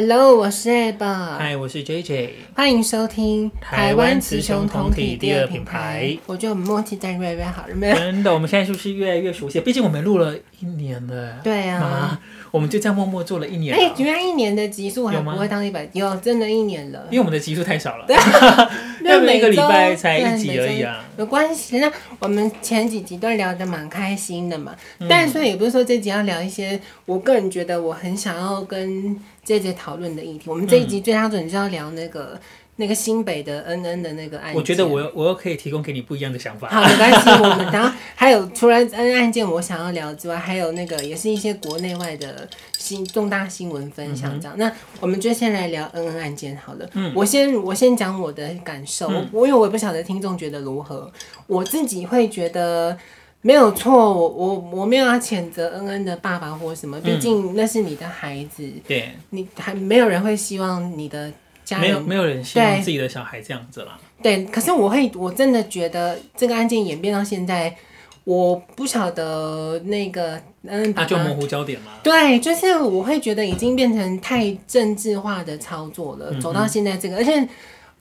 Hello，我是 AB。嗨，我是 JJ。歡迎收聽台灣雌雄同體第二品牌。我覺得我們默契在越來越好了，沒有？真的，我們現在是不是越來越熟悉。畢竟我們錄了一年了。對啊，我們就這樣默默做了一年。哎，居然一年的集數還不會當一百？喲，真的一年了。因為我們的集數太少了，對啊，那每個禮拜才一集而已啊。沒關係，那我們前幾集都聊得蠻開心的嘛。但是，也不是說這集要聊一些，我個人覺得我很想要跟。這些討論的議題，我們這一集最標準就是要聊那個、嗯、那個新北的恩恩的那個案件。我覺得我我又可以提供給你不一樣的想法。好，沒關係，我們聊。還有除了恩恩案件我想要聊之外，還有那個也是一些國內外的新重大新聞分享。這樣、嗯哼，那我們就先來聊恩恩案件好了。嗯，我先我先講我的感受，嗯、我因為我也不曉得聽眾覺得如何，我自己會覺得。沒有錯，我我我沒有要譴責恩恩的爸爸或什麼，畢竟那是你的孩子。嗯、對，你還沒有人會希望你的家人沒有沒有人希望對自己的小孩這樣子啦。對，可是我會我真的覺得這個案件演變到現在，我不曉得那個嗯，那就模糊焦點了。對，就是我會覺得已經變成太政治化的操作了，走到現在這個，嗯、哼而且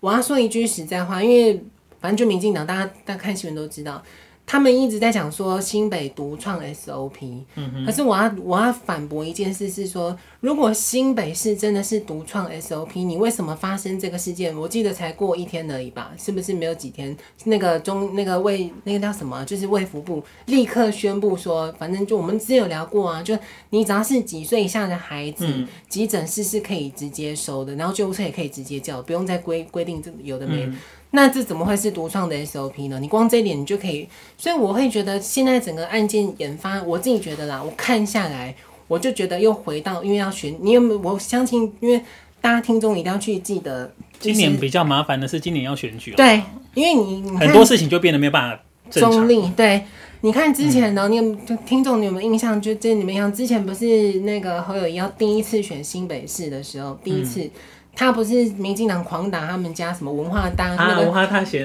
我要說一句實在話，因為反正就民進黨，大家大家看新聞都知道。他們一直在講說新北獨創 SOP，可是我要我要反駁一件事是說，如果新北市真的是獨創 SOP，你為什麼發生這個事件？我記得才過一天而已吧，是不是沒有幾天？那個中那個衛那個叫什麼？就是衛福部立刻宣布說，反正就我們之前有聊過啊，就你只要是幾歲以下的孩子，急診室是可以直接收的，嗯、然後救護車也可以直接叫，不用再規規定這有的沒。嗯那這怎麼會是獨創的 SOP 呢？你光這一點你就可以，所以我會覺得現在整個案件研發，我自己覺得啦，我看下來，我就覺得又回到因為要選，你有沒有？我相信，因為大家聽眾一定要去記得，就是、今年比較麻煩的是今年要選舉了，對，因為你，你很多事情就變得沒有辦法中立。對，你看之前的、嗯、你有沒有聽眾，你有沒有印象？就這你們像之前不是那個侯友宜要第一次選新北市的時候，第一次。嗯他不是民進黨狂打他們家什麼文化大那個，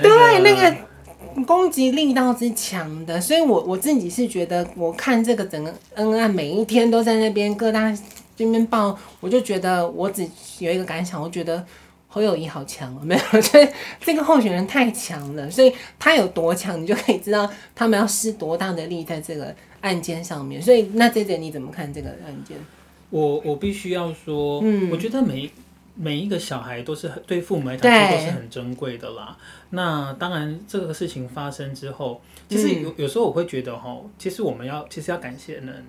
對，那個攻擊力道之強的，所以我我自己是覺得，我看這個整個恩恩案每一天都在那邊各大這邊報，我就覺得我只有一個感想，我覺得侯友宜好強，沒有，所以這個候選人太強了，所以他有多強，你就可以知道他們要施多大的力在這個案件上面。所以那 JJ 你怎麼看這個案件？我我必須要說，嗯，我覺得每一。每一個小孩都是很對父母來講都是很珍貴的啦。對那當然，這個事情發生之後，嗯、其實有有時候我會覺得哈，其實我們要其實要感謝人。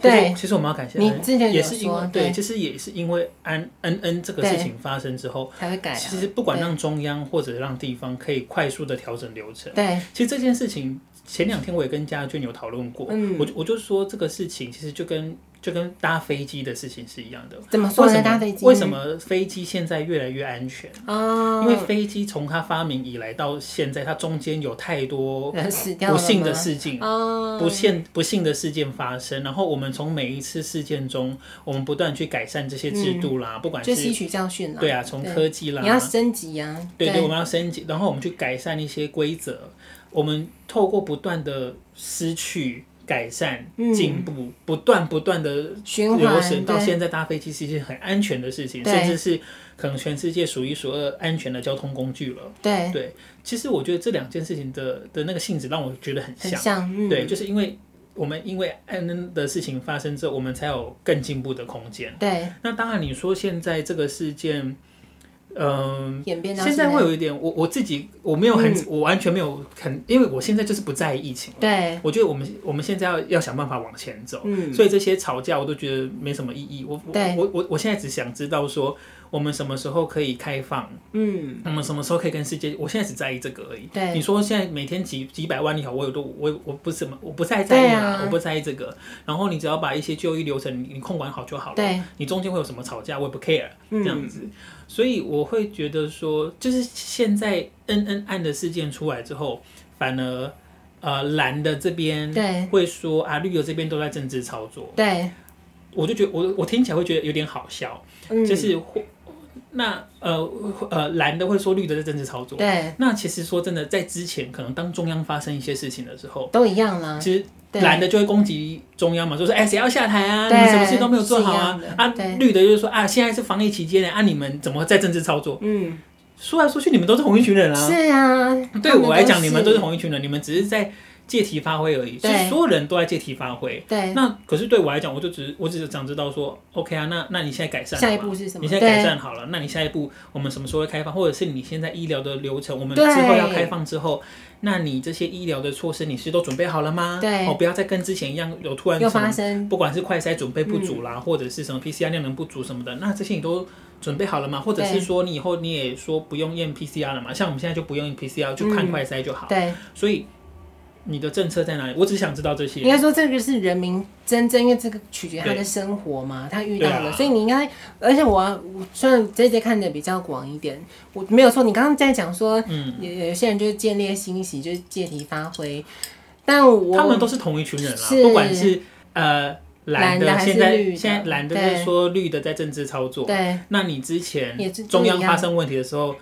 對，其實我們要感謝人。人也是因為對，對，其實也是因為安恩恩這個事情發生之後才會改。其實不管讓中央或者讓地方可以快速的調整流程。對，其實這件事情前兩天我也跟嘉俊有討論過。嗯、我就我就說這個事情其實就跟。就跟搭飛機的事情是一樣的，怎麼說呢？為什麼，嗯、為什麼飛機現在越來越安全？哦、因為飛機從它發明以來到現在，它中間有太多不幸的事情，哦、不幸不幸的事件發生。然後我們從每一次事件中，我們不斷去改善這些制度啦，嗯、不管是吸取教訓啦，對啊，從科技啦，你要升級啊，對對，對，我們要升級。然後我們去改善一些規則，對我們透過不斷的失去。改善、進步，嗯、不斷不斷的循環，到現在搭飛機其實是很安全的事情，對甚至是可能全世界數一數二安全的交通工具了。對，對其實我覺得這兩件事情的的那個性質讓我覺得很像，很像嗯、對，就是因為我們因為恩恩的事情發生之後，我們才有更進步的空間。對，那當然你說現在這個事件。嗯，現在，現在會有一點，我我自己我沒有很，嗯、我完全沒有很，因為我現在就是不在意疫情。對，我覺得我們我們現在要要想辦法往前走，嗯、所以這些吵架我都覺得沒什麼意義。我我我對我，我我現在只想知道說。我們什麼時候可以開放？嗯，我們什麼時候可以跟世界？我現在只在意這個而已。對，你說現在每天幾幾百萬例好，我有都我我不怎麼我不太在意、啊啊、我不在意這個。然後你只要把一些就醫流程你控管好就好了。對，你中間會有什麼吵架，我也不 care 這樣子。嗯、所以我會覺得說，就是現在恩恩案的事件出來之後，反而呃藍的這邊，對，會說對啊，綠的這邊都在政治操作。對，我就覺得我我聽起來會覺得有點好笑，嗯、就是那呃呃藍的會說綠的在政治操作，對。那其實說真的，在之前可能當中央發生一些事情的時候，都一樣啦。其實藍的就會攻擊中央嘛，就是對，哎誰要下台啊？對你們什麼事都沒有做好啊？啊，對綠的就是說啊，現在是防疫期間的啊，你們怎麼在政治操作？嗯，說來說去你們都是同一群人啊。是啊，對我來講你們都是同一群人，你們只是在。借題發揮而已，其對所有人都在借題發揮。對，那可是對我來講，我就只是，我只是想知道說，OK 啊，那那你現在改善了，下一步是什麼？你現在改善好了，對那你下一步我們什麼時候會開放？或者是你現在醫療的流程，我們之後要開放之後，那你這些醫療的措施你是都準備好了嗎？對，哦，不要再跟之前一樣有突然發生，不管是快篩準備不足啦，嗯、或者是什麼 PCR 量能不足什麼的，那這些你都準備好了嗎？或者是說你以後你也說不用驗 PCR 了嘛？對像我們現在就不用 PCR，就看快篩就好。嗯、對，所以。你的政策在哪裡？我只想知道這些。應該說，這個是人民真正，因為這個取決他的生活嘛，對他遇到的。啊、所以你應該，而且我雖、啊、然這些看得比較廣一點，我沒有錯。你剛剛在講說，嗯，有些人就是見獵心喜，就是借題發揮。但我他們都是同一群人了、啊，是不管是呃藍的還是綠的現在，現在藍的就是說綠的在政治操作。對，那你之前中央發生問題的時候。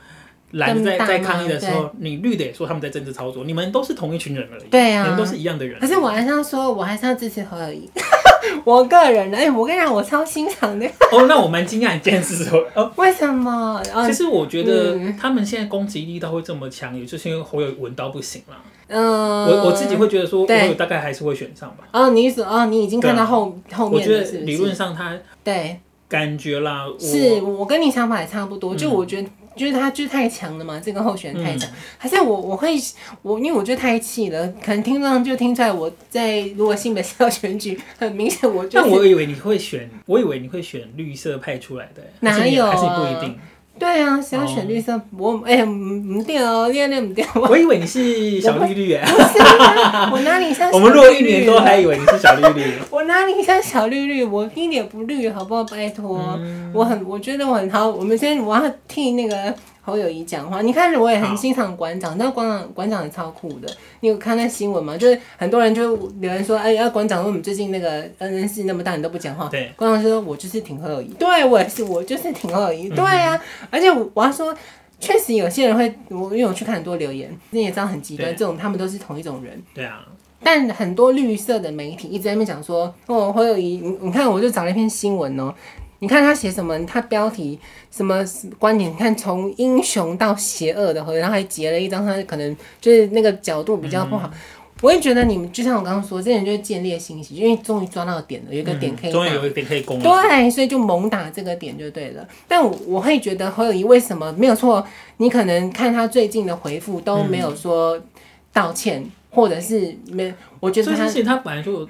藍的在在抗議的時候，你綠的也說他們在政治操作，你們都是同一群人而已。對啊，你們都是一樣的人。可是我還是要說，我還是要支持侯友宜。我個人呢，哎，我跟你講，我超欣賞的。哦，那我蠻驚訝一件事哦。為什麼？其實我覺得他們現在攻擊力都會這麼強，也就是因為侯友宜到不行了。嗯，我我自己會覺得說，侯友大概還是會選上吧。啊，你啊，你已經看到後後面，我覺得理論上他對感覺啦。是我跟你想法也差不多，就我覺得。就是他就是太強了嘛，這個候選人太強，好、嗯、是我我會我因為我覺得太氣了，可能聽眾就聽出來我在，如果新北市要選舉，很明顯我就。但我以為你會選， 我以為你會選綠色派出來的，哪有？還是不一定。對啊，想要選綠色，oh. 我哎，呀，不定哦，另外不外我我以為你是小綠綠啊，不是、啊、我哪裡像小綠綠？ 我們錄了一年多，還以為你是小綠綠。 我哪裡像小綠綠？我一點不綠，好不好？拜托，嗯、我很，我覺得我很好。我們先，我要替那個。侯友誼講話，你開始我也很欣賞館長，好但館長館長很超酷的。你有看那新聞嗎？就是很多人就有人說，哎、欸，呀、呃，館長問我們最近那個恩恩 C 那麼大，你都不講話。對，館長說：“我就是挺侯友誼對，我也是，我就是挺侯友誼對啊，而且我，我要說，確實有些人會，我因為我去看很多留言，你也知道很極端，對這種他們都是同一種人。對啊，但很多綠色的媒體一直在那講說：“哦，侯友誼，你你看，我就找了一篇新聞哦、喔。”你看他寫什麼？他標題什麼觀點？你看從英雄到邪惡的然後還截了一張，他可能就是那個角度比較不好。嗯、我也覺得你們就像我剛剛說，這人就是建立信息，因為終於抓到點了，有一個點可以，終於有一個點可以攻、嗯、對，所以就猛打這個點就對了。但我，我會覺得侯友宜為什麼沒有錯？你可能看他最近的回復都沒有說道歉，嗯、或者是沒？我覺得他這些事情他本來就。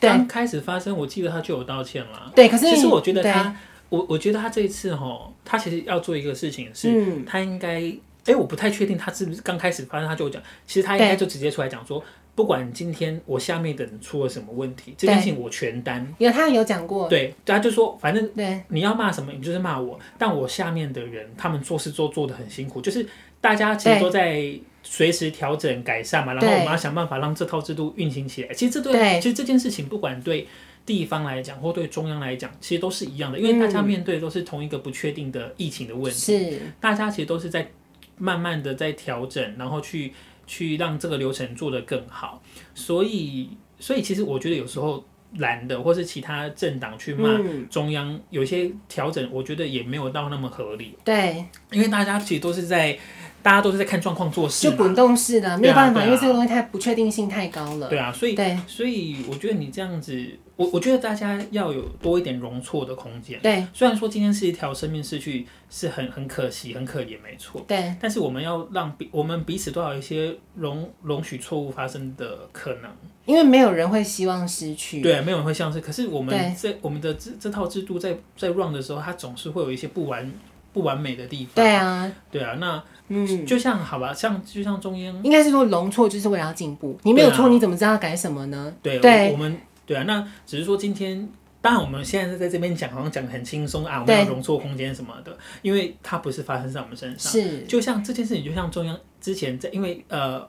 剛對開始發生，我記得他就有道歉了。對，可是其實我覺得他，對我我覺得他這一次吼，他其實要做一個事情是，嗯、他應該，誒、欸，我不太確定他是不是剛開始發生，他就講，其實他應該就直接出來講說，對不管今天我下面的人出了什麼問題，對這件事情我全擔。因為他有講過，對，他就說，反正對，你要罵什麼，對你就是罵我，但我下面的人，他們做事做做得很辛苦，就是。大家其實都在隨時調整改善嘛，然後我們要想辦法讓這套制度運行起來。其實這對其實這件事情，不管對地方來講，或對中央來講，其實都是一樣的，因為大家面對都是同一個不確定的疫情的問題。大家其實都是在慢慢的在調整，然後去去讓這個流程做得更好。所以，所以其實我覺得有時候藍的或是其他政黨去罵中央，有些調整，我覺得也沒有到那麼合理。對，因為大家其實都是在。大家都是在看狀況做事，就滾動式的，沒有辦法，因為這個東西太不確定性太高了。對啊，啊啊啊，所以對，所以我覺得你這樣子，我我覺得大家要有多一點容錯的空間。對，雖然說今天是一條生命失去，是很很可惜，很可憐。沒錯。對，但是我們要讓彼我們彼此都有一些容容許錯誤發生的可能，因為沒有人會希望失去。對，沒有人會希望失去。可是我們這我們的這這套制度在在 run 的時候，它總是會有一些不完。不完美的地方。對啊，對啊，那嗯，就像好吧，像就像中央，應該是說容錯就是為了要進步。啊，你沒有錯，你怎麼知道要改什麼呢？對，對，我，我們對啊，那只是說今天，當然我們現在是在這邊講，好像講得很輕鬆啊，我們要容錯空間什麼的，對因為它不是發生在我們身上。是，就像這件事情，就像中央之前在，因為呃，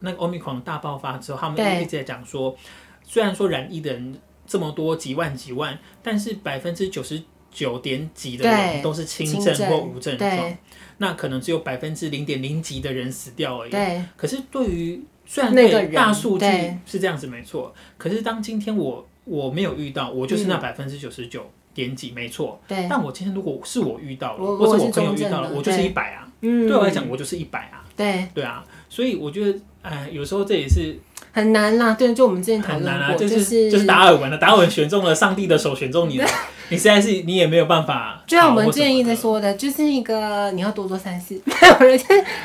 那個 Omicron 大爆發之後，他們一直在講說，對雖然說染疫的人這麼多，幾萬幾萬，但是百分之九十。九點幾的人都是輕症或無症狀，那可能只有百分之零點零幾的人死掉而已。可是對於，雖然對大數據是這樣子沒錯，可是當今天我我沒有遇到，我就是那百分之九十九點幾，沒錯。但我今天如果是我遇到了，或者我朋友遇到了，我就是一百啊。對我來講，我就是一百啊。對，對啊，所以我覺得，哎，有時候這也是很難啦。對，就我們之前很難啊。就是就是達爾文的達爾文選中了上帝的手，選中你的。你現在是你也沒有辦法，就像我們建議在說的，就是一個你要多做三思，沒有人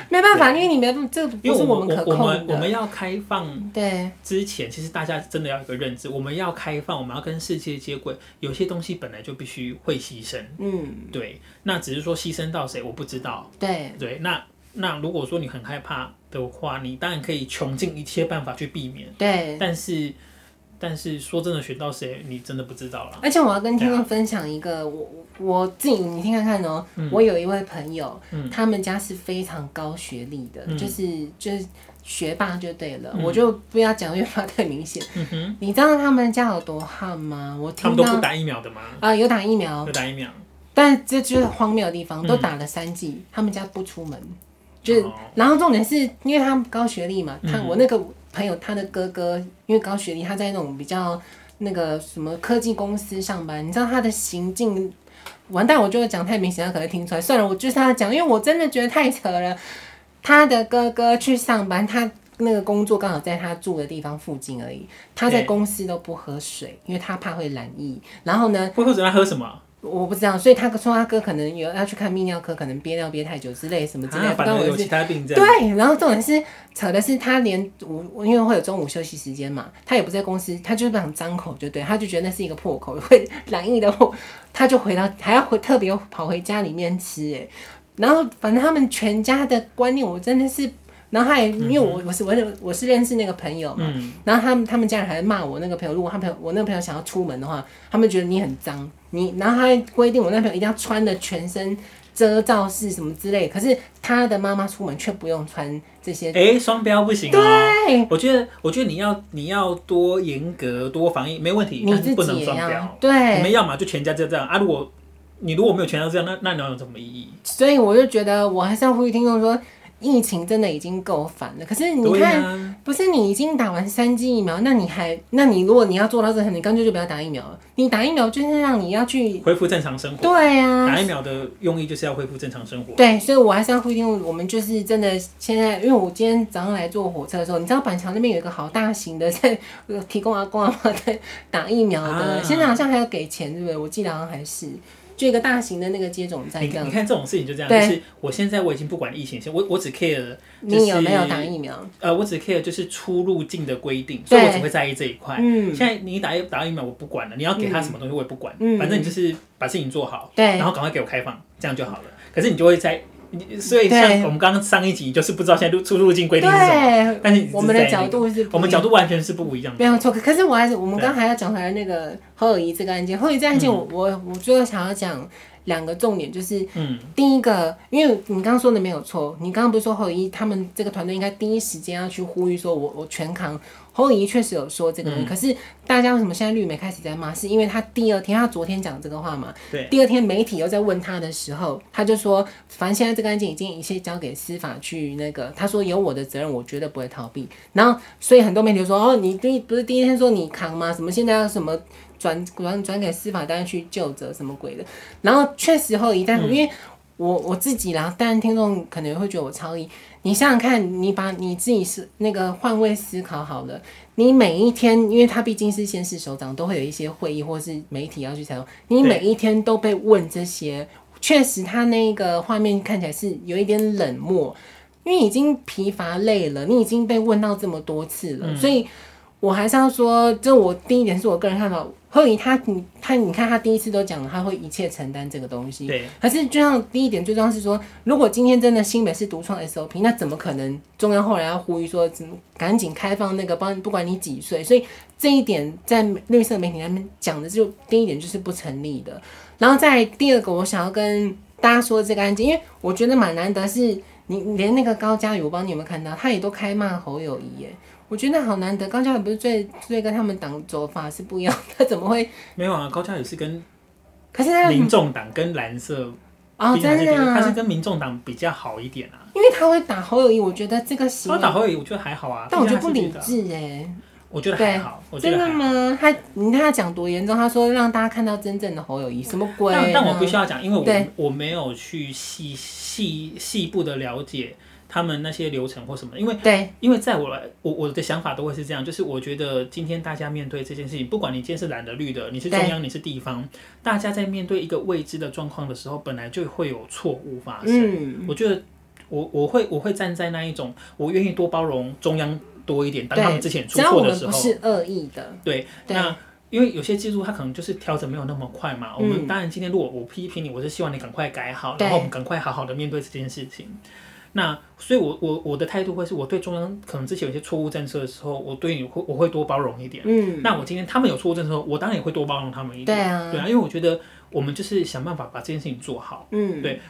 沒辦法，對因為你沒有這個不是我們可控的。我們，我們，我們要開放，對之前對其實大家真的要一個認知，我們要開放，我們要跟世界接軌，有些東西本來就必須會犧牲，嗯，對。那只是說犧牲到誰，我不知道。對對，那那如果說你很害怕的話，你當然可以窮盡一切辦法去避免。對，但是。但是說真的，選到誰你真的不知道啦。而且我要跟聽眾分享一個我我自己，你聽看看哦。我有一位朋友，他們家是非常高學歷的，就是就是學霸就對了。我就不要講，越发太明顯。你知道他們家有多悍嗎？我聽他們都不打疫苗的嗎？啊，有打疫苗，有打疫苗。但這就是荒謬的地方，都打了三劑，他們家不出門。就是，然後重點是因為他們高學歷嘛，他我那個。朋友，他的哥哥因為高學歷，他在那種比較那個什麼科技公司上班。你知道他的行徑完蛋，我就會講太明顯，他可能聽出來。算了，我就是他講，因為我真的覺得太扯了。他的哥哥去上班，他那個工作剛好在他住的地方附近而已。他在公司都不喝水，欸、因為他怕會染疫。然後呢，不喝水他喝什麼？啊？我不知道，所以他說他哥可能有要去看泌尿科，可能憋尿憋太久之類什麼之類的、啊。反正有其他病症。對，然後重點是扯的是他連午，因為會有中午休息時間嘛，他也不在公司，他就是想張口就對，他就覺得那是一個破口，會染疫的他就回到還要回特別跑回家裡面吃哎。然後反正他們全家的觀念，我真的是，然後他還因為我是、嗯、我是我我是認識那個朋友嘛，嗯、然後他們他們家人還在罵我那個朋友，如果他朋友我那個朋友想要出門的話，他們覺得你很髒。你，然後他還規定我男朋友一定要穿的全身遮罩式，什麼之類，可是他的媽媽出門卻不用穿這些。哎，雙標不行哦。對，我覺得，我覺得你要你要多嚴格多防疫沒問題，但是不能雙標。對，你們要麼就全家就這樣啊！如果你如果沒有全家這樣，那那能要有什麼意義？所以我就覺得，我還是要呼籲聽眾說。疫情真的已經夠煩了，可是你看，啊、不是你已經打完三劑疫苗，那你還，那你如果你要做到這個，你乾脆就不要打疫苗了。你打疫苗就是讓你要去恢復正常生活。對啊，打疫苗的用意就是要恢復正常生活。對，所以我還是要呼籲，我們就是真的現在，因為我今天早上來坐火車的時候，你知道板橋那邊有一個好大型的在提供阿公阿、啊、婆在打疫苗的，啊、現在好像還要給錢，對不對？我記得好像還是。就一個大型的那個接種站這樣子。在你，你看這種事情就這樣，對就是我現在我已經不管疫情，我我只 care、就是。你有沒有打疫苗？呃，我只 care 就是出入境的規定，對所以我只會在意這一塊。嗯、現在你打打疫苗，我不管了。你要給他什麼東西，我也不管。嗯、反正你就是把事情做好，對、嗯，然後趕快給我開放，對這樣就好了。可是你就會在。所以像我們剛剛上一集對就是不知道現在入出入境規定是什麼，對我們的角度是，我們角度完全是不一樣的，沒有錯，可是我還是我們剛還要講回來那個侯友宜這個案件，侯友宜這個案件我、嗯我，我我我最後想要講兩個重點，就是，第一個，嗯、因為你剛剛說的沒有錯，你剛剛不是說侯友宜他們這個團隊應該第一時間要去呼籲說我，我我全扛。侯友宜確實有說這個人，嗯、可是大家為什麼現在綠媒開始在罵？是因為他第二天，他昨天講這個話嘛？對。第二天媒體又在問他的時候，他就說：“反正現在這個案件已經一切交給司法去那個。”他說：“有我的責任，我絕對不會逃避。”然後，所以很多媒體就說：“哦，你第不是第一天說你扛嗎？什麼現在要什麼轉轉轉給司法單位去就責什麼鬼的？”然後確實侯友宜，因為我我自己啦，然後當然聽眾可能會覺得我超立。你想想看，你把你自己是那個換位思考好了。你每一天，因為他畢竟是縣市首長，都會有一些會議或是媒體要去採訪。你每一天都被問這些，確對實他那個畫面看起來是有一點冷漠，因為已經疲乏累了，你已經被問到這麼多次了，嗯、所以。我還是要說，就我第一點是我個人看法，侯友宜他你他你看他第一次都講了他會一切承擔這個東西，對。可是就像第一點最重要是說，如果今天真的新北市獨創 SOP，那怎麼可能中央後來要呼籲說，趕緊開放那個幫不管你幾歲？所以這一點在綠色媒體那邊講的就第一點就是不成立的。然後在第二個我想要跟大家說這個案件，因為我覺得蠻難得是你連那個高嘉瑜，我幫你有沒有看到，他也都開罵侯友宜耶。我覺得好難得，高嘉瑜不是最最跟他們黨走法是不一樣，他怎麼會？沒有啊，高嘉瑜是跟，可是他民眾黨跟藍色哦，真的、啊、他是跟民眾黨比較好一點啊，因為他會打侯友宜，我覺得這個行，他打侯友宜，我覺得還好啊，但我覺得不理智哎、欸，覺我覺得還好，真的嗎？他你看他講多嚴重，他說讓大家看到真正的侯友宜，什麼鬼、啊？但、嗯、但我必須要講，因為我對我沒有去細細細部的了解。他們那些流程或什麼，因為對，因為在我我我的想法都會是這樣，就是我覺得今天大家面對這件事情，不管你今天是藍的綠的，你是中央對你是地方，大家在面對一個未知的狀況的時候，本來就會有錯誤發生。嗯，我覺得我我會我會站在那一種，我願意多包容中央多一點，當他們之前出錯的時候，對只要我們不是惡意的，對，對那因為有些技術它可能就是調整沒有那麼快嘛。對我們當然今天如果我批評你，我是希望你趕快改好，對然後我們趕快好好的面對這件事情。那所以我，我我我的態度會是我對中央可能之前有一些錯誤政策的時候，我對你會我會多包容一點。嗯，那我今天他們有錯誤政策的時候，我當然也會多包容他們一點。對啊，對啊，因為我覺得我們就是想辦法把這件事情做好。嗯，對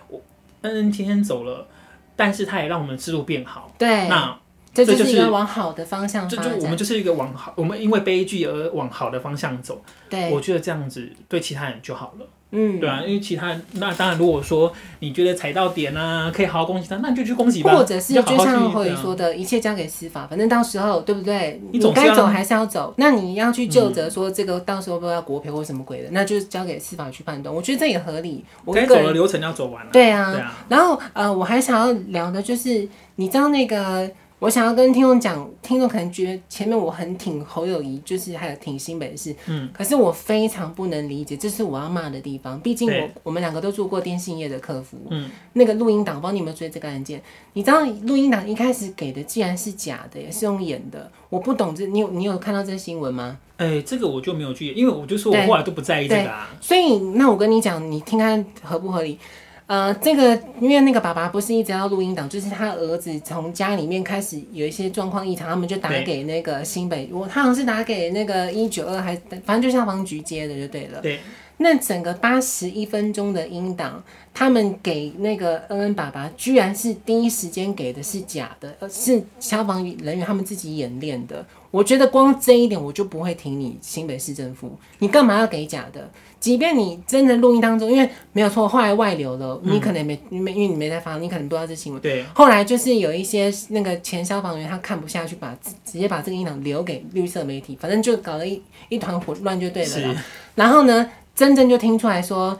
恩恩今天走了，但是他也讓我們的制度變好。對，那這就是、就是、一個往好的方向走。這就，就我們就是一個往好，我們因為悲劇而往好的方向走。對，我覺得這樣子對其他人就好了。嗯，對啊，因為其他那當然，如果說你覺得踩到點啊，可以好好恭喜他，那你就去恭喜吧。或者是就，好好就像慧宇說的，樣一切交給司法，反正到時候，對不對？你該走還是要走，那你要去就責說、嗯、說這個到時候要國賠或什麼鬼的，那就交給司法去判斷。我覺得這也合理。我跟該走的流程要走完了。對啊，對啊。然後呃，我還想要聊的就是，你知道那個。我想要跟聽眾講，聽眾可能覺得前面我很挺侯友宜，就是還有挺新北市，嗯，可是我非常不能理解，這是我要罵的地方。畢竟我對我們兩個都做過電信業的客服，嗯，那個錄音檔我不知道你們有沒有追這個案件，你知道錄音檔一開始給的既然是假的，是用演的，我不懂這，你有你有看到這新聞嗎？哎、欸，這個我就沒有去，因為我就說我後來都不在意這個、啊。所以那我跟你講，你聽看合不合理。呃，這個因為那個爸爸不是一直要錄音檔，就是他兒子從家裡面開始有一些狀況異常，他們就打給那個新北，對我他好像是打給那個一九二，還反正就消防局接的就對了。對，那整個八十一分鐘的音檔，他們給那個恩恩爸爸，居然是第一時間給的是假的，是消防人員他們自己演練的。我覺得光這一點，我就不會挺你新北市政府，你幹嘛要給假的？即便你真的錄音當中，因為沒有錯，後來外流了，嗯、你可能沒沒，因為你沒在房，你可能不知道這新聞。對，後來就是有一些那個前消防員他看不下去把，把直接把這個音檔留給綠色媒體，反正就搞得一一團混亂就對了。是然後呢，真正就聽出來說，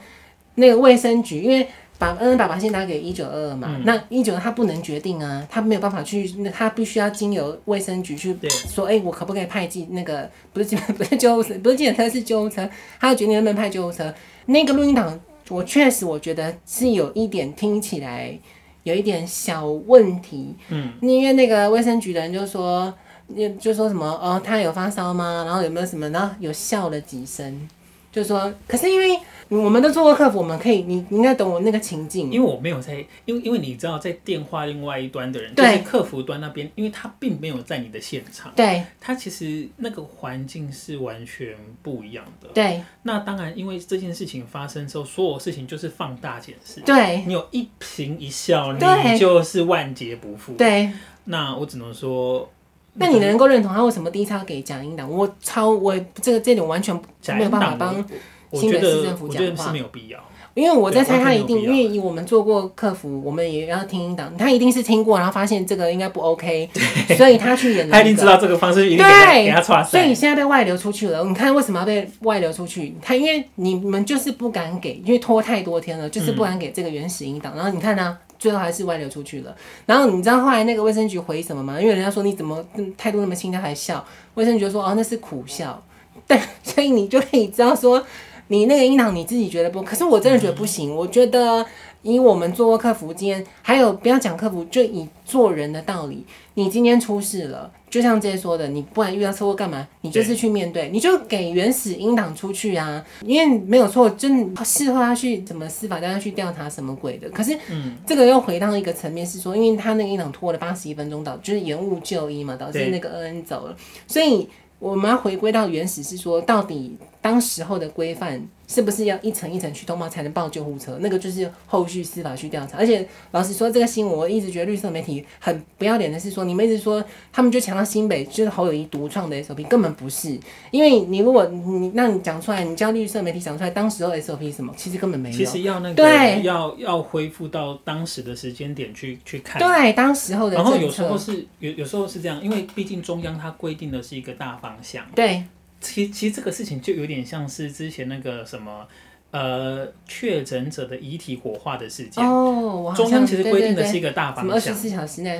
那個衛生局因為。把恩恩爸爸先打給一九二二嘛，嗯、那一九他不能決定啊，他沒有辦法去，他必須要經由衛生局去說，哎對、欸，我可不可以派進那個不是進，不是救護車，不是警車，是救護車，他要決定能不能派救護車。那個錄音檔，我確實我覺得是有一點聽起來有一點小問題，嗯，因為那個衛生局的人就說，那就說什麼哦，他有發燒嗎？然後有沒有什麼，然後有笑了幾聲。就是說，可是因為我們都做過客服，我們可以，你應該懂我那個情境。因為我沒有在，因為因為你知道，在電話另外一端的人，對就是客服端那邊，因為他並沒有在你的現場，對，他其實那個環境是完全不一樣的。對，那當然，因為這件事情發生之後，所有事情就是放大檢視。對，你有一顰一笑，你就是萬劫不復。對，那我只能說。那你能夠認同他為什麼第一次要給假音檔？我超，我這個這點完全沒有辦法幫新北市政府講話。我覺得，我覺得是沒有必要，因為我在猜他一定，因為我們做過客服，我們也要聽音檔，他一定是聽過，然後發現這個應該不 OK，對所以他去演了、這個。他一定知道這個方式去演給他以對，所以現在被外流出去了。你看為什麼要被外流出去？他因為你們就是不敢給，因為拖太多天了，就是不敢給這個原始音檔。嗯、然後你看呢、啊？最後還是外流出去了。然後你知道後來那個衛生局回什麼嗎？因為人家說你怎麼態度那麼輕？他還笑。衛生局說哦，那是苦笑。但所以你就可以知道說，你那個櫻桃你自己覺得不，可是我真的覺得不行。我覺得以我們做客服，間，還有不要講客服，就以做人的道理，你今天出事了。就像 JJ 說的，你不然遇到車禍幹嘛？你就是去面對，對你就給原始音檔出去啊！因為沒有錯，就事後他去怎麼司法，他去調查什麼鬼的。可是，嗯，這個又回到一個層面是說，因為他那個音檔拖了八十一分鐘，導就是延誤就醫嘛，導致對那個恩恩走了。所以我們要回歸到原始，是說到底。當時候的規範是不是要一層一層去通報才能報救護車？那個就是後續司法去調查。而且老實說，這個新聞我一直覺得綠色媒體很不要臉的是說，你們一直說他們就強調新北，就是侯友宜獨創的 SOP，根本不是。因為你如果你那你講出來，你叫綠色媒體講出來，當時候 SOP 是什麼？其實根本沒有。其實要那個對，要要恢復到當時的時間點去去看。對，當時候的。然後有時候是有有時候是這樣，因為畢竟中央它規定的是一個大方向。對。其實其實這個事情，就有點像是之前那個什麼，呃，確診者的遺體火化的事件，中央其實規定的是一個大方向，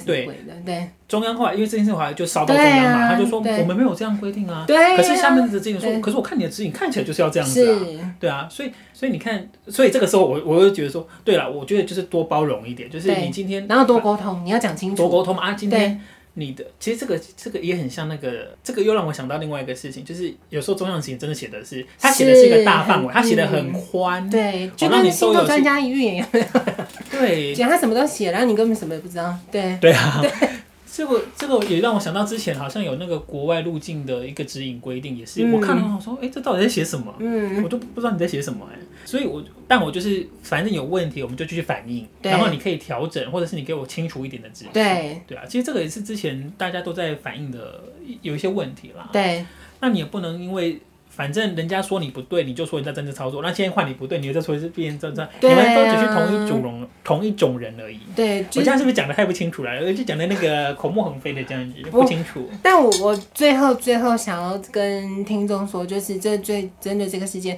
對。中央後來因為這件事情後來就燒到中央嘛，他就說我們沒有這樣規定啊，可是下面的指引說，可是我看你的指引看起來就是要這樣子啊，對啊，所以所以你看，所以這個時候我我就覺得說，對了，我覺得就是多包容一點，就是你今天然後多溝通，你要講清楚，多溝通啊今天。你的其實這個這個也很像那個，這個又讓我想到另外一個事情，就是有時候中央新聞真的寫的是，他寫的是一個大範圍，他寫的很寬，很對，哇就跟他你星座專家預言有有 對，講他什麼都寫，然後你根本什麼也不知道，對，對啊。對這個這個也讓我想到之前好像有那個國外路徑的一個指引規定，也是、嗯、我看到我說哎，這到底在寫什麼？嗯、我都不知道你在寫什麼、欸、所以我，但我就是反正有問題，我們就繼續反映，對然後你可以調整，或者是你給我清楚一點的指引，對對啊。其實這個也是之前大家都在反映的有一些問題啦。對，那你也不能因為。反正人家說你不對，你就說人家政治操作；那現在換你不對，你就再說一遍政治。啊、你們都只是同一種同同一種人而已。對，我現在是不是講的太不清楚了？就講的那個口沫橫飛的這樣子，不清楚。我但我我最後最後想要跟聽眾說，就是這最真的這個事件，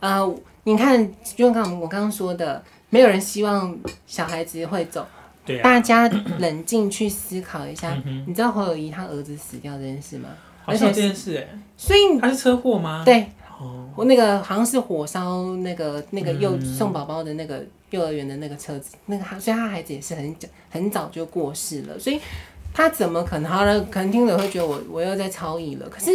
啊、呃，你看，就像我剛剛說的，沒有人希望小孩子會走。對、啊。大家冷靜去思考一下，嗯、哼你知道侯友宜他兒子死掉這件事嗎？而且這件事、欸，哎，所以他是車禍嗎？對，oh. 我那個好像是火燒那個那個幼、嗯、送寶寶的那個幼兒園的那個車子，那個他所以他孩子也是很早很早就過世了，所以他怎麼可能？好的可能聽着會覺得我我又在超譯了。可是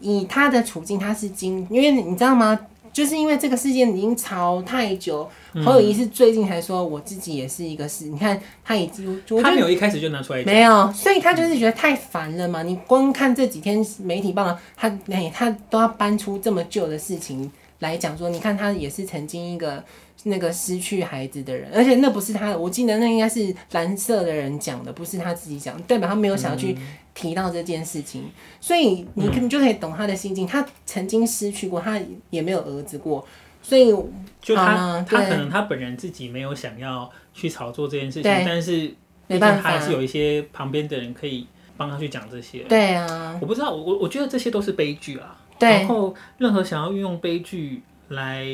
以他的處境，他是經，因為你知道嗎？就是因為這個事件已經超太久。侯友宜是最近才說，我自己也是一個事。你看，他已經，他沒有一開始就拿出來。沒有，所以他就是覺得太煩了嘛。嗯、你光看這幾天媒體報道他，誒、欸，他都要搬出這麼舊的事情來講說。你看，他也是曾經一個那個失去孩子的人，而且那不是他，我記得那應該是藍色的人講的，不是他自己講的。代表他沒有想要去提到這件事情。嗯、所以你就可以懂他的心境，他曾經失去過，他也沒有兒子過。所以，就他，他可能他本人自己沒有想要去炒作這件事情，對但是，畢竟他還是有一些旁邊的人可以幫他去講這些。對啊，我不知道，我我我覺得這些都是悲劇啊。對然後任何想要運用悲劇來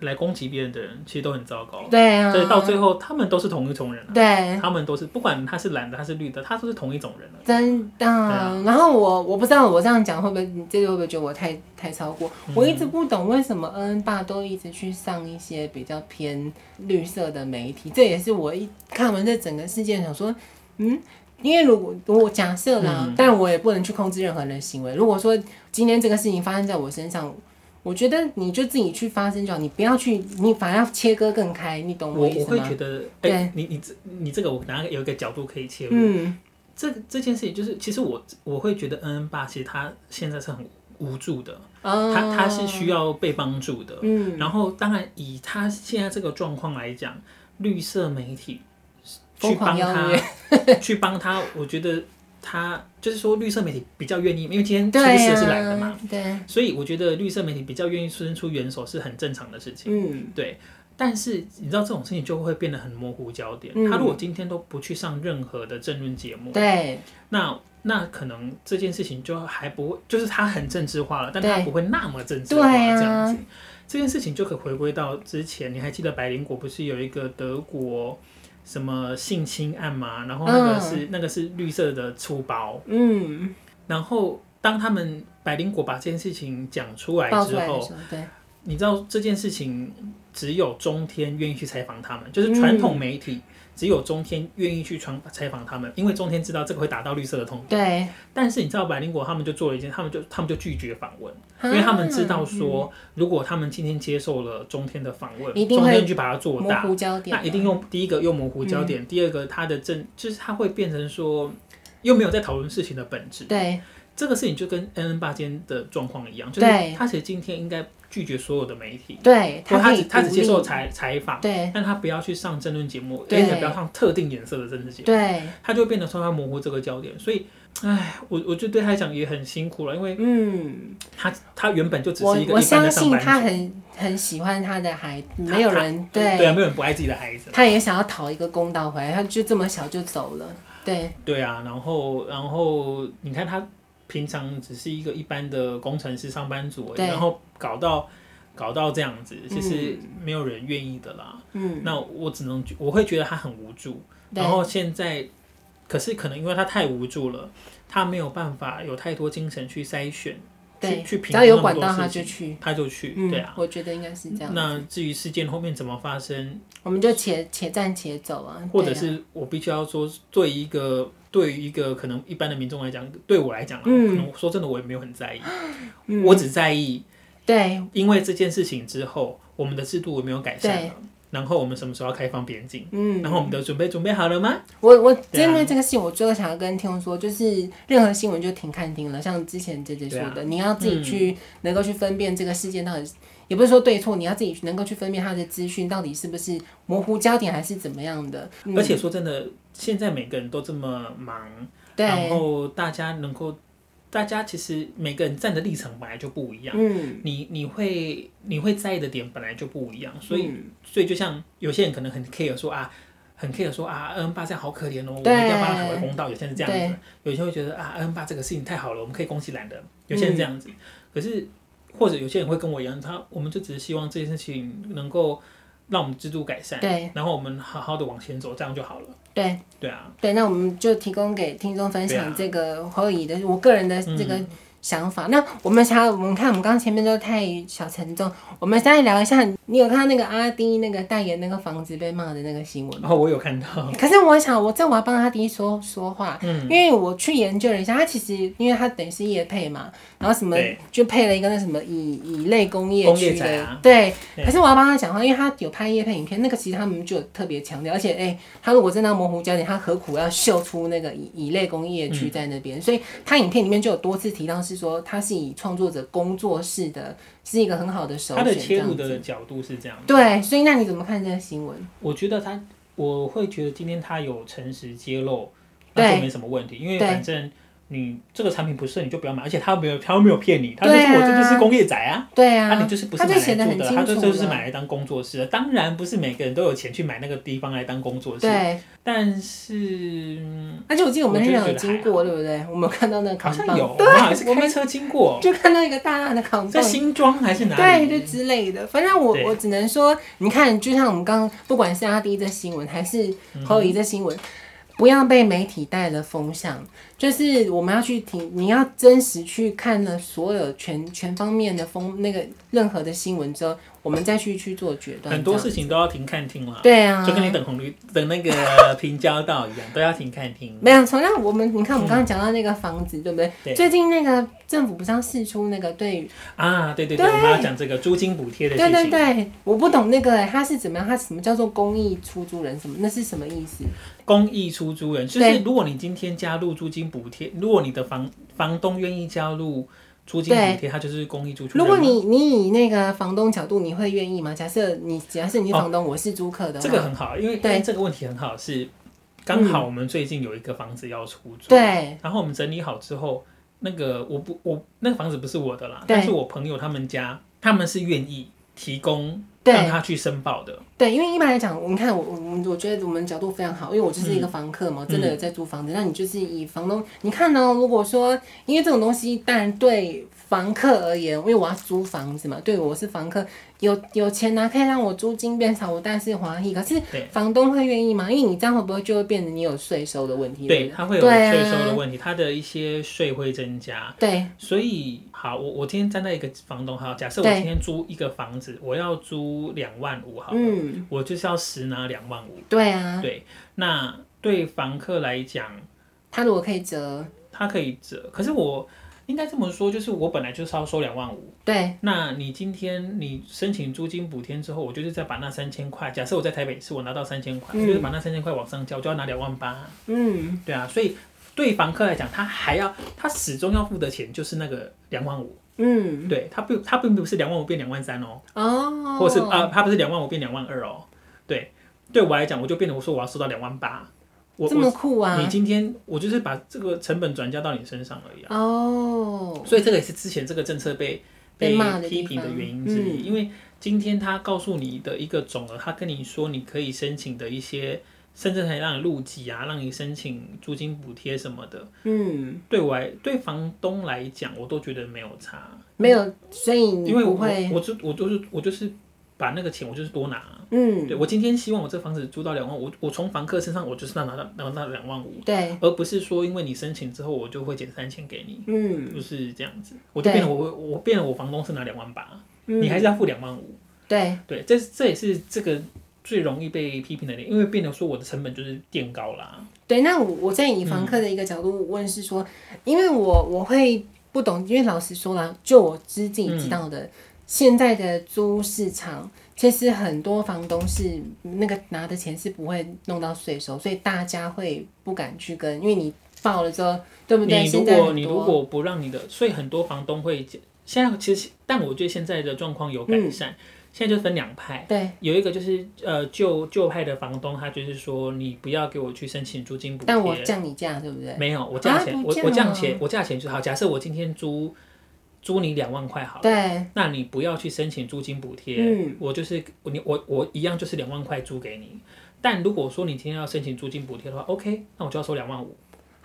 來攻擊別人的人，其實都很糟糕。對、啊，所以到最後，他們都是同一種人、啊。對，他們都是不管他是藍的，他是綠的，他都是同一種人真的。啊、然後我我不知道我這樣講會不會，你這裡、個、會不會覺得我太太超過？嗯、我一直不懂為什麼恩恩爸都一直去上一些比較偏綠色的媒體。這也是我一看完這整個事件，想說，嗯，因為如果我假設啦，嗯、但我也不能去控制任何人的行為。如果說今天這個事情發生在我身上。我覺得你就自己去發生就好，你不要去，你反而要切割更開，你懂我意思嗎？我會覺得，哎、欸，你你這你這個，我等一下有一個角度可以切入。嗯，這這件事情就是，其實我我會覺得，恩恩爸其實他現在是很無助的，他他是需要被幫助的。嗯，然後當然以他現在這個狀況來講，綠色媒體去幫他， 去幫他，我覺得。.他就是說，綠色媒體比較願意，因為今天確實是來的嘛，對，所以我覺得綠色媒體比較願意伸出，出援手是很正常的事情，嗯，對。但是你知道這種事情就會變得很模糊焦點。他如果今天都不去上任何的政論節目，對，那那可能這件事情就還不會，就是他很政治化了，但他不會那麼政治化這樣子。這件事情就可以回歸到之前，你還記得百靈果不是有一個德國，什麼性侵案嘛，然後那個是、嗯、那個是綠色的粗包，嗯，然後當他們百靈果把這件事情講出來之後，對，你知道這件事情。只有中天願意去採訪他們，就是傳統媒體，只有中天願意去傳採訪他們，嗯、因為中天知道這個會打到綠色的痛點。對。但是你知道，百靈果他們就做了一件，他們就他們就拒絕訪問，因為他們知道說，嗯、如果他們今天接受了中天的訪問，嗯、中天就把它做大，一那一定用第一個用模糊焦點，嗯、第二個他的正就是他會變成說，又沒有在討論事情的本質。對。這個事情就跟恩恩案件的狀況一樣，就是他其實今天應該拒絕所有的媒體，對，他他，他只接受採採訪，對，但他不要去上爭論節目，對，且不要上特定顏色的政治節目，對，他就會變得說他模糊這個焦點，所以，哎，我我就對他講也很辛苦了，因為嗯，他他原本就只是一個一般的上班族，我，我相信他很很喜歡他的孩子，沒有人對對啊，沒有人不愛自己的孩子，他也想要討一個公道回來，他就這麼小就走了，對對啊，然後然後你看他。平常只是一個一般的工程師上班族，欸，對然後搞到搞到這樣子，就是、嗯、沒有人願意的啦。嗯，那我只能我會覺得他很無助。對然後現在，可是可能因為他太無助了，他沒有辦法有太多精神去篩選，對，去評估那麼多事情，他就去，他就去，嗯、對啊。我覺得應該是這樣子。那至於事件後面怎麼發生，我們就且且戰且走啊。或者是我必須要說，對一個。對於一個可能一般的民眾來講，對我來講，可能說真的，我也沒有很在意，我只在意，對，因為這件事情之後，我們的制度沒有改善，然後我們什麼時候要開放邊境，嗯，然後我們的準備準備好了嗎？我我因為這個事情，我最後想要跟聽眾說，就是任何新聞就停看聽了，像之前 JJ 說的，你要自己去能夠去分辨這個事件到底，也不是說對錯，你要自己能夠去分辨它的資訊到底是不是模糊焦點還是怎麼樣的，而且說真的。現在每個人都這麼忙，對然後大家能夠，大家其實每個人站的立場本來就不一樣，嗯、你你會你會在意的點本來就不一樣，所以、嗯、所以就像有些人可能很 care 說啊，很 care 說啊，恩恩爸這樣好可憐哦，對我們一定要幫他討回公道。有些人是這樣子，對有些人會覺得啊，恩恩爸這個事情太好了，我們可以攻擊藍的。有些人是這樣子，嗯、可是或者有些人會跟我一樣，他我們就只是希望這件事情能夠。讓我們制度改善，對，然後我們好好的往前走，這樣就好了。對，對啊，對，那我們就提供給聽眾分享這個後遺的，啊、我個人的這個。嗯想法，那我們想，我們看，我們剛前面就太小沉重，我們再聊一下。你有看到那個阿滴那個代言那個房子被罵的那個新聞嗎？哦，我有看到。可是我想，我這我要幫阿滴說說話，嗯，因為我去研究了一下，他其實因為他等於是業配嘛，然後什麼對就配了一個那什麼乙乙類工業區的，啊、對。對可是我要幫他講話，因為他有拍業配影片，那個其實他們就特別強調，而且哎、欸，他如果真的要模糊焦點，他何苦要秀出那個乙乙類工業區在那邊？嗯、所以他影片裡面就有多次提到。是說他是以創作者工作室的，是一個很好的首選。他的切入的角度是這樣。對，所以那你怎麼看這個新聞？我覺得他，我會覺得今天他有誠實揭露，那就沒什麼問題。對因為反正。你這個產品不是，你就不要買，而且他沒有，他又沒有騙你，他就是我這就是工業宅啊，對啊，他你就是不是買來做的，他就是買來當工作室的。當然不是每個人都有錢去買那個地方來當工作室，對。但是，而且我記得我們那天有經過，對不對？我們看到那個好像有，我們開車經過就看到一個大大的扛棒，在新莊還是哪裡？對，就之類的。反正我我只能說，你看，就像我們剛剛，不管是阿滴的新聞還是侯友宜的新聞。不要被媒體帶了風向，就是我們要去聽，你要真實去看了所有全全方面的風，那個任何的新聞之後，我們再去去做決斷。很多事情都要停看聽了，對啊，就跟你等紅綠等那個平交道一樣， 都要停看聽。沒有，從來我們你看，我們剛剛講到那個房子，嗯、對不對？對最近那個政府不是要釋出那個對啊，對對對，對我們要講這個租金補貼的事情。對對對，我不懂那個他、欸、是怎麼樣，他什麼叫做公益出租人什麼，那是什麼意思？公益出租人就是，如果你今天加入租金補貼，對如果你的房房東願意加入租金補貼，他對就是公益租出租人。如果你你以那個房東角度，你會願意嗎？假設你，假設你是房東，我是租客的話，哦，這個很好，因為對因為這個問題很好，是剛好我們最近有一個房子要出租，對，然後我們整理好之後，那個我不我那個房子不是我的啦，對但是我朋友他們家他們是願意提供。對讓他去申報的。對，因為一般來講，你看我我我覺得我們角度非常好，因為我就是一個房客嘛，嗯、真的有在租房子。嗯、那你就是以房東，你看呢、喔？如果說因為這種東西，當然對房客而言，因為我要租房子嘛，對我是房客，有有錢拿、啊、可以讓我租金變少，我當然是華裔，可是房東會願意嗎？對因為你這樣會不會就會變成你有稅收的問題？對,對,對他會有稅收的問題，啊、他的一些稅會增加。對，所以。好，我我今天站在一個房東，哈，假設我今天租一個房子，對我要租兩萬五，哈、嗯，我就是要實拿兩萬五，對啊，對，那對房客來講，他如果可以折，他可以折，可是我應該這麼說，就是我本來就是要收兩萬五，對，那你今天你申請租金補貼之後，我就是再把那三千塊，假設我在台北市我拿到三千塊，嗯、就是把那三千塊往上交，我就要拿兩萬八，嗯，對啊，所以。對房客來講，他還要他始終要付的錢就是那個兩萬五，嗯，對他不，他並不，他不是兩萬五變兩萬三哦，哦或者是啊、呃，他不是兩萬五變兩萬二哦，對，對我來講，我就變得我說我要收到兩萬八，我這麼酷啊！你今天我就是把這個成本轉嫁到你身上而已啊，哦，所以這個也是之前這個政策被被，被批評的原因之一，嗯，因為今天他告訴你的一個總額，他跟你說你可以申請的一些。甚至可以讓你入籍啊，讓你申請租金補貼什麼的。嗯，對我來對房東來講，我都覺得沒有差，沒有，所以會。因為我會我就我就是我，我就是把那個錢我就是多拿。嗯，對我今天希望我這房子租到兩萬五，我從房客身上我就是拿拿拿到兩萬五。對，而不是說因為你申請之後我就會減三千給你。嗯，就是這樣子，我就變了，我對我變了，我房東是拿兩萬八，嗯，你還是要付兩萬五。對，對，這這也是這個。最容易被批評的點，因為變成說我的成本就是墊高啦。對，那我我在以房客的一個角度問是說，嗯、因為我我會不懂，因為老實說了，就我知自己知道的，嗯、現在的租市場其實很多房東是那個拿的錢是不會弄到稅收，所以大家會不敢去跟，因為你報了之後，對不對？你如果現在你如果不讓你的，所以很多房東會現在其實，但我覺得現在的狀況有改善。嗯現在就分兩派，對，有一個就是呃舊舊派的房東，他就是說你不要給我去申請租金補貼，但我降你價，對不對？沒有，我降錢、啊、我我降錢，我價錢就好。假設我今天租租你兩萬塊好了，對，那你不要去申請租金補貼，嗯、我就是我我我一樣就是兩萬塊租給你。但如果說你今天要申請租金補貼的話，OK，那我就要收兩萬五。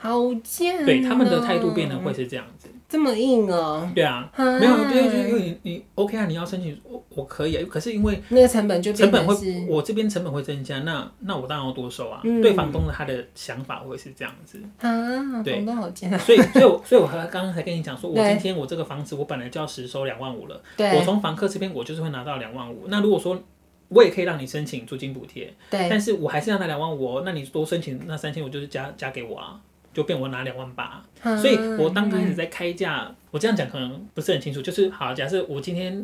好賤、喔！對，他們的態度變得會是這樣子，這麼硬哦、喔啊哈。對啊，沒有，對，啊。因為你，你 OK 啊，你要申請我我可以、啊，可是因為那個成本就變成，成本會，我這邊成本會增加，那那我當然要多收啊。嗯、對，房東的他的想法會是這樣子啊，哈對，房東好賤啊。所以所以所以，所以我剛剛才跟你講說，我今天我這個房子我本來就要實收兩萬五了，對我從房客這邊我就是會拿到兩萬五。那如果說我也可以讓你申請租金補貼，對但是我還是讓他兩萬五，那你多申請那三千五就是加加給我啊。就變我拿兩萬八哈，所以我當開始在開價，嗯、我這樣講可能不是很清楚。就是好，假設我今天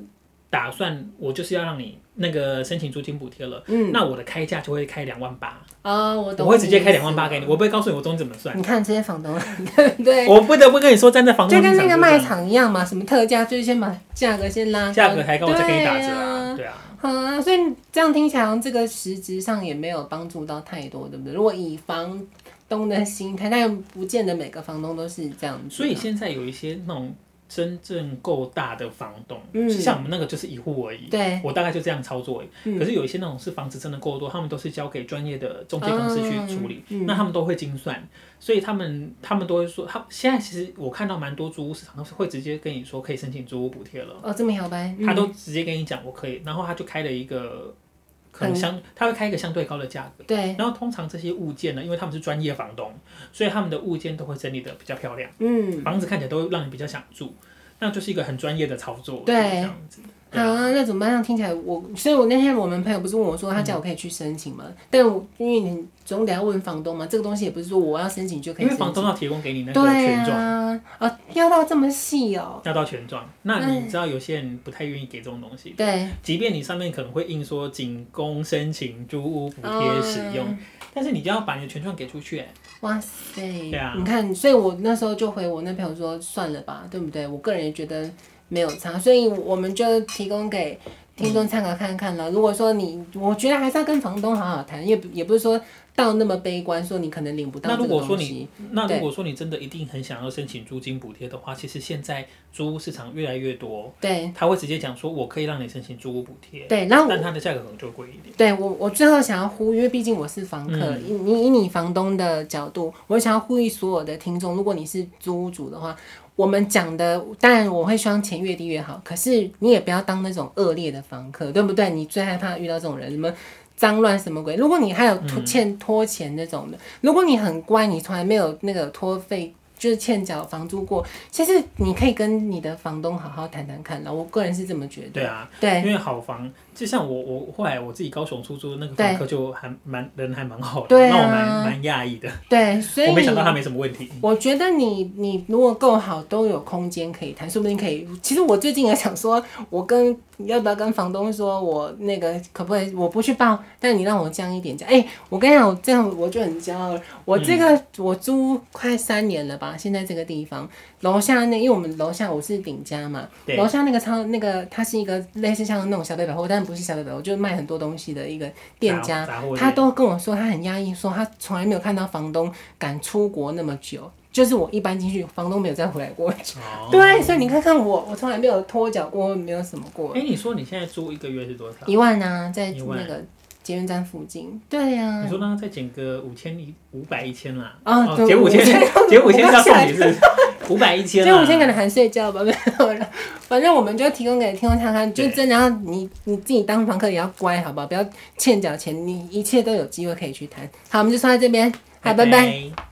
打算，我就是要讓你那個申請租金補貼了，嗯、那我的開價就會開兩萬八啊、哦。我懂我，我會直接開兩萬八給你，我不會告訴你我怎麼算。你看這些房東， 對，我不得不跟你說，站在房東就跟那個賣場一樣嘛，什麼特價就是先把價格先拉，價格抬高再給、啊、你打折啊，對啊。好啊，所以這樣聽起來，這個實質上也沒有幫助到太多，對不對？如果以防。東的心態，但不見得每個房東都是這樣子。所以現在有一些那種真正夠大的房東，嗯、像我們那個就是一戶而已。對，我大概就這樣操作而已。嗯、可是有一些那種是房子真的夠多，他們都是交給專業的中介公司去處理，嗯、那他們都會精算，嗯、所以他們他們都會說，他現在其實我看到蠻多租屋市場都是會直接跟你說可以申請租屋補貼了。哦，這麼好辦？嗯、他都直接跟你講我可以，然後他就開了一個。很相，他會開一個相對高的價格。對。然後通常這些物件呢，因為他們是專業房東，所以他們的物件都會整理得比較漂亮。嗯。房子看起來都會讓你比較想住，那就是一個很專業的操作。對。這樣子。對啊，那怎麼辦呢？聽起來我，所以我那天我們朋友不是問我說，他叫我可以去申請嗎？嗯、但因為你總得要問房東嘛，這個東西也不是說我要申請就可以。因為房東要提供給你那個權狀。啊。啊，要到這麼細哦？喔。要到權狀，那你知道有些人不太願意給這種東西。嗯、對。即便你上面可能會印說僅供申請租屋補貼使用，嗯、但是你就要把你的權狀給出去。欸，哇塞。對啊。你看，所以我那時候就回我那朋友說，算了吧，對不對？我個人也覺得。沒有差，所以我們就提供給聽眾參考看看了。嗯、如果說你，我覺得還是要跟房東好好談，也也不是說到那麼悲觀，說你可能領不到這個東西。那如果說你，那如果說你真的一定很想要申請租金補貼的話，對其實現在租屋市場越來越多，對，他會直接講說我可以讓你申請租屋補貼，對。然後，但它的價格可能就貴一點。對我，我最後想要呼籲，因為畢竟我是房客，嗯、以你以你房東的角度，我想要呼籲所有的聽眾，如果你是租屋主的話。我們講的，當然我會希望錢越低越好，可是你也不要當那種惡劣的房客，對不對？你最害怕遇到這種人，什麼髒亂什麼鬼。如果你還有拖欠拖錢那種的，嗯、如果你很乖，你從來沒有那個拖費。就是欠繳房租過，其實你可以跟你的房東好好談談看的。我個人是這麼覺得。對啊，對，因為好房就像我我後來我自己高雄出租那個房客就還蠻人還蠻好的，對啊、那我蠻蠻訝異的。對，所以我沒想到他沒什麼問題。我覺得你你如果夠好，都有空間可以談，說不定可以。其實我最近也想說，我跟要不要跟房東說我那個可不可以我不去報，但你讓我降一點價。哎、欸，我跟你講，我這樣我就很驕傲。我這個我租快三年了吧。嗯現在這個地方樓下那，因為我們樓下我是頂家嘛，樓對下那個超那個，他是一個類似像那種小北百貨，但不是小北百貨，就是，賣很多東西的一個店家。店他都跟我說，他很訝異，說他從來沒有看到房東敢出國那麼久，就是我一搬進去，房東沒有再回來過去。哦，對，所以你看看我，我從來沒有拖腳過，我沒有什麼過。哎，欸，你說你現在租一個月是多少？一萬呢，啊，在那個。捷運站附近，對呀、啊。你說呢？再減個五千一五百一千啦，哦，減五千，減五, 五千要送一次，五百一千，減 五千可能還睡覺吧，沒有了。反正我們就提供給天空看看，對就真的要你你自己當房客也要乖好不好？不要欠繳錢，你一切都有機會可以去談。好，我們就說到這邊，好對，拜拜。Okay